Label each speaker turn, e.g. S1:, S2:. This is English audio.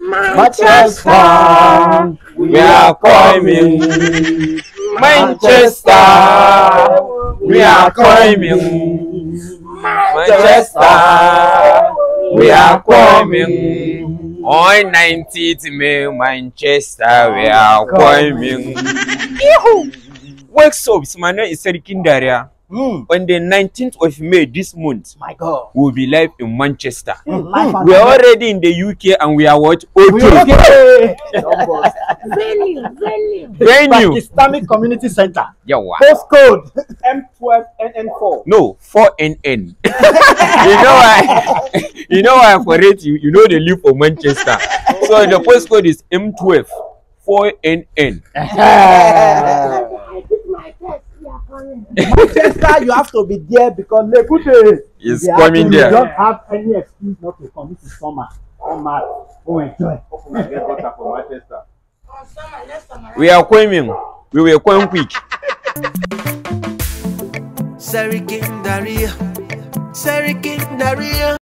S1: Manchester, we are coming. Manchester, we are coming. Manchester, we are coming. On 19th May, Manchester, we are coming. Ihu! Workshops, Manuel is taking Daria. Mm. On the 19th of May this month, my God, we'll be live in Manchester. Mm. Mm. We're already in the UK and we are what? Okay. okay. venue, venue. Venue. Islamic Community Center. Yeah, wow. Postcode M12 NN4. No, 4NN. you know why? you know why I it? You, you know they live for Manchester. so the postcode is M12 4NN. Manchester, you have to be there because Lekute is coming there. You don't have any excuse not to come. This is summer. Come out. Go enjoy. We are coming. We will come quick. Serikin Daria. Serikin Daria.